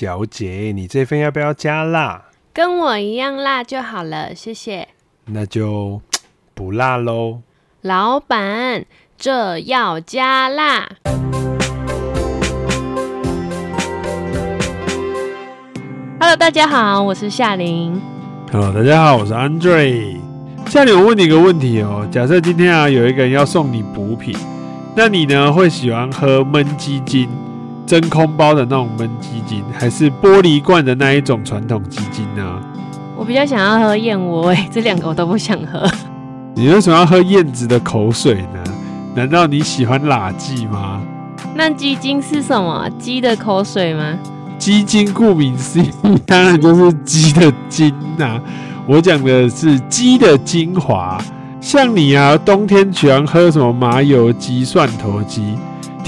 小姐，你這份要不要加辣？跟我一樣辣就好了，謝謝。那就不辣嘍。老板，這要加辣。Hello，大家好，我是夏琳。Hello，大家好，我是 Andre。夏琳，我問你一個問題哦，假設今天啊有一個人要送你補品，那你呢，會喜歡喝燜雞精？真空包的那種燜雞精，還是玻璃罐的那一種傳統雞精呢？我比較想要喝燕窩，哎，這兩個我都不想喝。你為什麼要喝燕子的口水呢？難道你喜歡辣雞嗎？那雞精是什麼？雞的口水嗎？雞精顧名思義，當然就是雞的精啊。我講的是雞的精華。像你啊，冬天喜歡喝什麼麻油雞、蒜頭雞？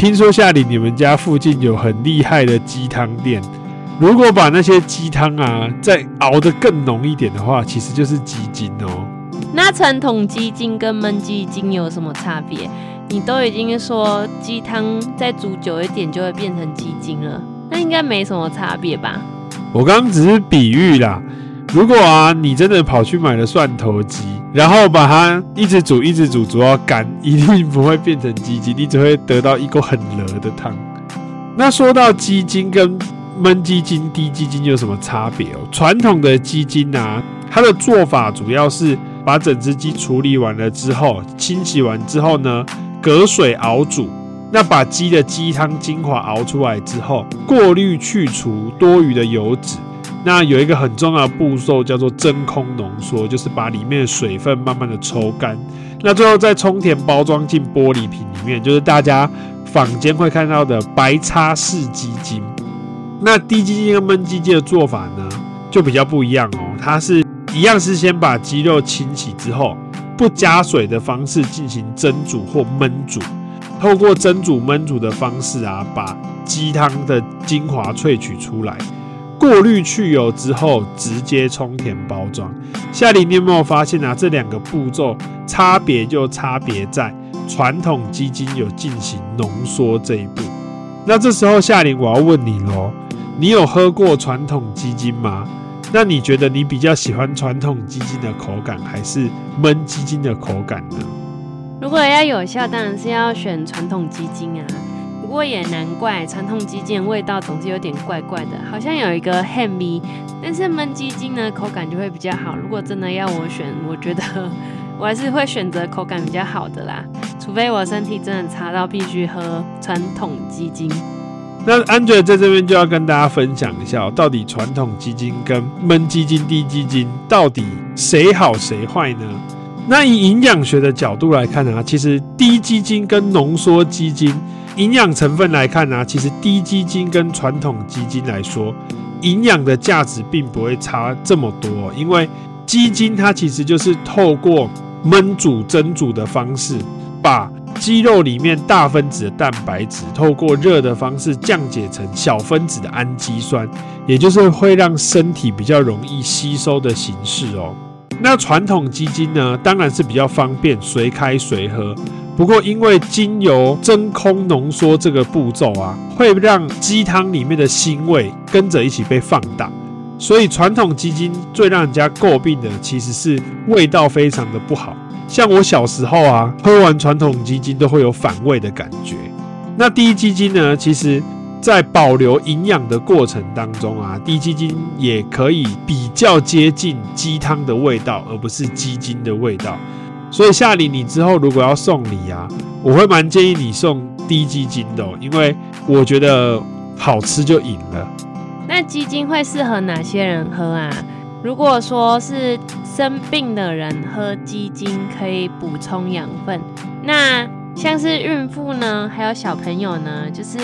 聽說夏琳，你們家附近有很厲害的雞湯店。如果把那些雞湯啊再熬得更濃一點的話，其實就是雞精哦、喔。那傳統雞精跟燜雞精有什麼差別？你都已經說雞湯再煮久一點就會變成雞精了，那應該沒什麼差別吧？我剛剛只是比喻啦。如果啊，你真的跑去買了蒜頭雞，然後把它一直煮、一直煮、煮到乾，一定不會變成雞精，你只會得到一鍋很熱的湯。那說到雞精跟燜雞精、滴雞精有什麼差別哦？傳統的雞精啊，它的做法主要是把整隻雞處理完了之後，清洗完之後呢，隔水熬煮，那把雞的雞湯精華熬出來之後，過濾去除多餘的油脂，那有一個很重要的步驟叫做真空濃縮，就是把裡面的水分慢慢的抽乾。那最後再充填包裝進玻璃瓶裡面，就是大家坊間會看到的白叉式雞精。那滴雞精和悶雞精的做法呢，就比較不一樣哦。它是一樣是先把雞肉清洗之後，不加水的方式進行蒸煮或燜煮，透過蒸煮燜煮的方式啊，把雞湯的精華萃取出來。過濾去油之後，直接充填包裝。夏琳，你有沒有發現啊？這兩個步驟差別就差別在傳統雞精有進行濃縮這一步。那這時候夏琳，我要問你嘍，你有喝過傳統雞精嗎？那你覺得你比較喜歡傳統雞精的口感，還是燜雞精的口感呢？如果要有效，當然是要選傳統雞精啊。不過也難怪，傳統雞精的味道總是有點怪怪的，好像有一個黑味。但是燜雞精呢，口感就會比較好。如果真的要我選，我覺得我還是會選擇口感比較好的啦，除非我身體真的差到必須喝傳統雞精。那 Andre 在這邊就要跟大家分享一下、喔，到底傳統雞精跟燜雞精、滴雞精到底誰好誰壞呢？那以營養學的角度來看呢、啊，其實滴雞精跟濃縮雞精。營養成分來看呢、啊，其實低基金跟傳統基金來說，營養的價值並不會差這麼多、哦。因為基金它其實就是透過燜煮、蒸煮的方式，把肌肉裡面大分子的蛋白質透過熱的方式降解成小分子的氨基酸，也就是會讓身體比較容易吸收的形式哦。那傳統基金呢，當然是比較方便，隨開隨喝。不過，因為經由真空濃縮這個步驟啊，會讓雞湯裡面的腥味跟着一起被放大，所以傳統雞精最讓人家詬病的，其實是味道非常的不好。像我小時候啊，喝完傳統雞精都會有反胃的感覺。那滴雞精呢？其實，在保留營養的過程當中啊，滴雞精也可以比較接近雞湯的味道，而不是雞精的味道。所以夏琳，你之後如果要送禮啊，我會蠻建議你送滴雞精的，因為我覺得好吃就贏了。那雞精會適合哪些人喝啊？如果說是生病的人喝雞精可以補充養分，那像是孕婦呢，還有小朋友呢，就是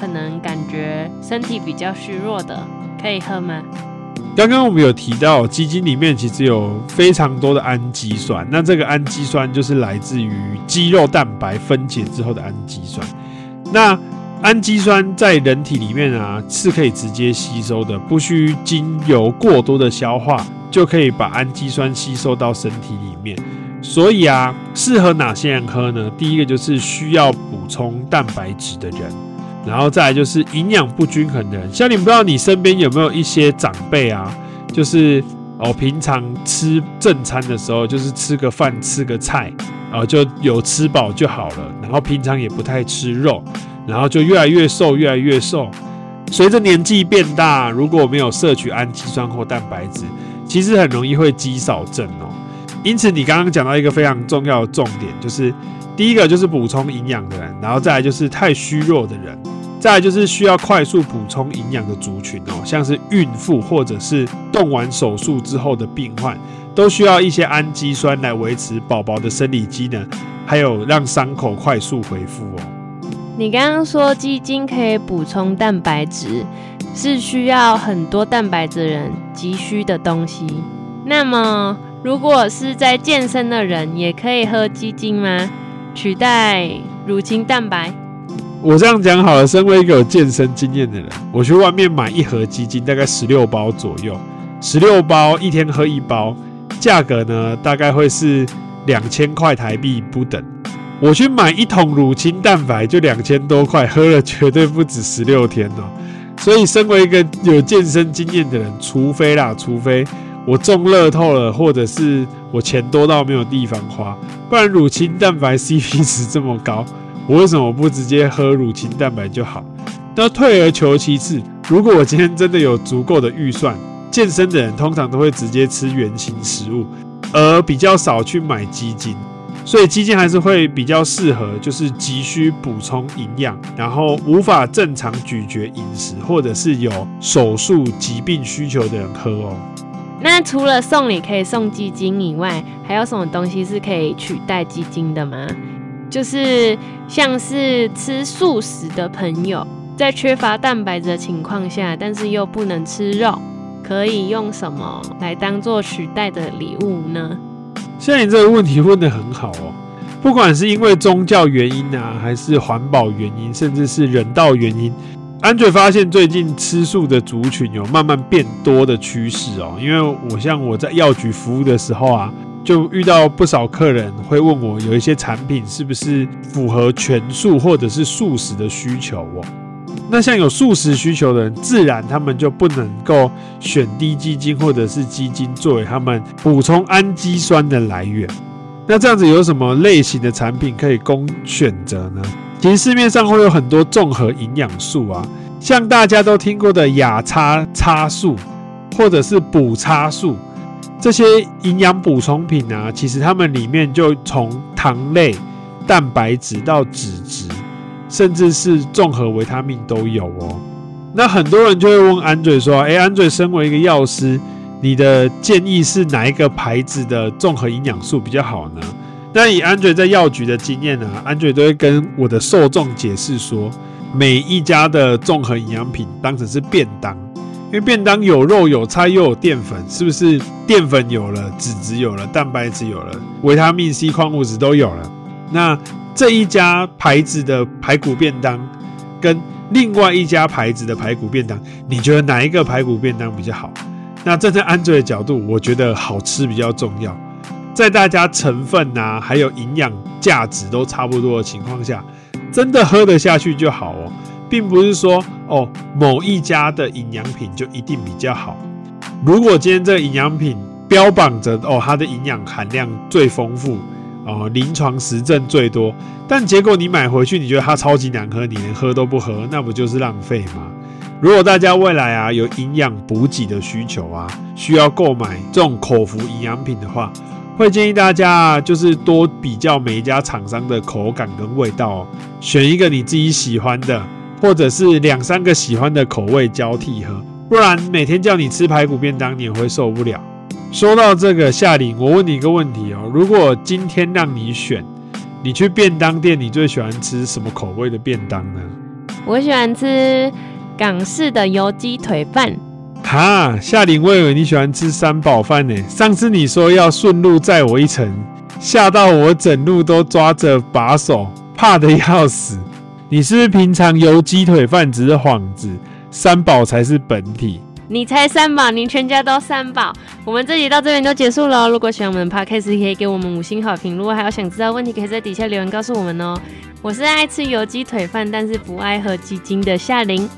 可能感覺身體比較虛弱的，可以喝嗎？剛剛我們有提到，雞精裡面其實有非常多的氨基酸。那這個氨基酸就是來自於肌肉蛋白分解之後的氨基酸。那氨基酸在人體裡面啊，是可以直接吸收的，不需經由過多的消化，就可以把氨基酸吸收到身體裡面。所以啊，適合哪些人喝呢？第一個就是需要補充蛋白質的人。然後再來就是營養不均衡的人，像你不知道你身邊有沒有一些長輩啊，就是哦平常吃正餐的時候，就是吃個飯吃個菜，然後就有吃飽就好了。然後平常也不太吃肉，然後就越來越瘦越來越瘦。隨着年紀變大，如果沒有攝取氨基酸或蛋白質，其實很容易會肌少症哦。因此，你剛剛講到一個非常重要的重點，就是第一個就是補充營養的人，然後再來就是太虛弱的人，再來就是需要快速補充營養的族群哦，像是孕婦或者是動完手術之後的病患，都需要一些氨基酸來維持寶寶的生理機能，還有讓傷口快速恢復哦。你剛剛說雞精可以補充蛋白質，是需要很多蛋白質人急需的東西，那麼。如果是在健身的人也可以喝雞精嗎？取代乳清蛋白？我這樣講好了，身為一個有健身經驗的人，我去外面買一盒雞精，大概十六包左右，十六包一天喝一包，價格呢大概會是兩千塊台幣不等。我去買一桶乳清蛋白就兩千多塊，喝了絕對不止十六天哦。所以身為一個有健身經驗的人，除非啦，除非。我中樂透了，或者是我錢多到沒有地方花，不然乳清蛋白 CP 值這麼高，我為什麼不直接喝乳清蛋白就好？那退而求其次，如果我今天真的有足夠的預算，健身的人通常都會直接吃原型食物，而比較少去買雞精，所以雞精還是會比較適合，就是急需補充營養，然後無法正常咀嚼飲食，或者是有手術疾病需求的人喝哦。那除了送禮可以送雞精以外，還有什麼東西是可以取代雞精的嗎？就是像是吃素食的朋友，在缺乏蛋白質的情況下，但是又不能吃肉，可以用什麼來當做取代的禮物呢？像你這個問題問得很好哦，不管是因為宗教原因啊，還是環保原因，甚至是人道原因。Andre 發現最近吃素的族群有慢慢變多的趨勢哦，因為我像我在藥局服務的時候啊，就遇到不少客人會問我，有一些產品是不是符合全素或者是素食的需求哦、喔。那像有素食需求的人，自然他們就不能夠選滴雞精或者是雞精作為他們補充氨基酸的來源。那這樣子有什麼類型的產品可以供選擇呢？其實市面上會有很多綜合營養素啊，像大家都聽過的亞差差素，或者是補差素，這些營養補充品啊，其實它們裡面就從糖類、蛋白質到脂質，甚至是綜合維他命都有哦。那很多人就會問 Andre 說：“哎，Andre 身為一個藥師，你的建議是哪一個牌子的綜合營養素比較好呢？”那以 Andre 在藥局的經驗啊，Andre 都會跟我的受眾解釋說，每一家的綜合營養品當成是便當，因為便當有肉有菜又有澱粉，是不是？澱粉有了，脂質有了，蛋白質有了，維他命 C、礦物質都有了。那這一家牌子的排骨便當，跟另外一家牌子的排骨便當，你覺得哪一個排骨便當比較好？那站在 Andre 的角度，我覺得好吃比較重要。在大家成分啊還有營養價值都差不多的情況下，真的喝得下去就好哦，並不是說哦，某一家的營養品就一定比較好。如果今天這個營養品標榜着哦，它的營養含量最豐富哦，臨床實證最多，但結果你買回去，你覺得它超級難喝，你連喝都不喝，那不就是浪費嗎？如果大家未來啊有營養補給的需求啊，需要購買這種口服營養品的話，會建議大家就是多比較每一家廠商的口感跟味道哦，選一個你自己喜歡的，或者是兩三個喜歡的口味交替喝，不然每天叫你吃排骨便當，你也會受不了。說到這個夏琳，我問你一個問題哦，如果今天讓你選，你去便當店，你最喜歡吃什麼口味的便當呢？我喜歡吃港式的油雞腿飯。哈，夏琳，我以為你喜歡吃三寶飯呢？上次你說要順路載我一程，嚇到我整路都抓着把手，怕得要死。你是不是平常油雞腿飯只是幌子，三寶才是本體？你才三寶，您全家都三寶。我們這集到這邊就結束了喔。如果喜歡我們 Podcast 可以給我們五星好評。如果還有想知道問題，可以在底下留言告訴我們喔。我是愛吃油雞腿飯，但是不愛喝雞精的夏琳。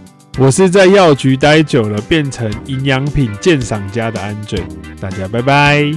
我是在藥局待久了，變成營養品鑑賞家的 Andre。大家拜拜。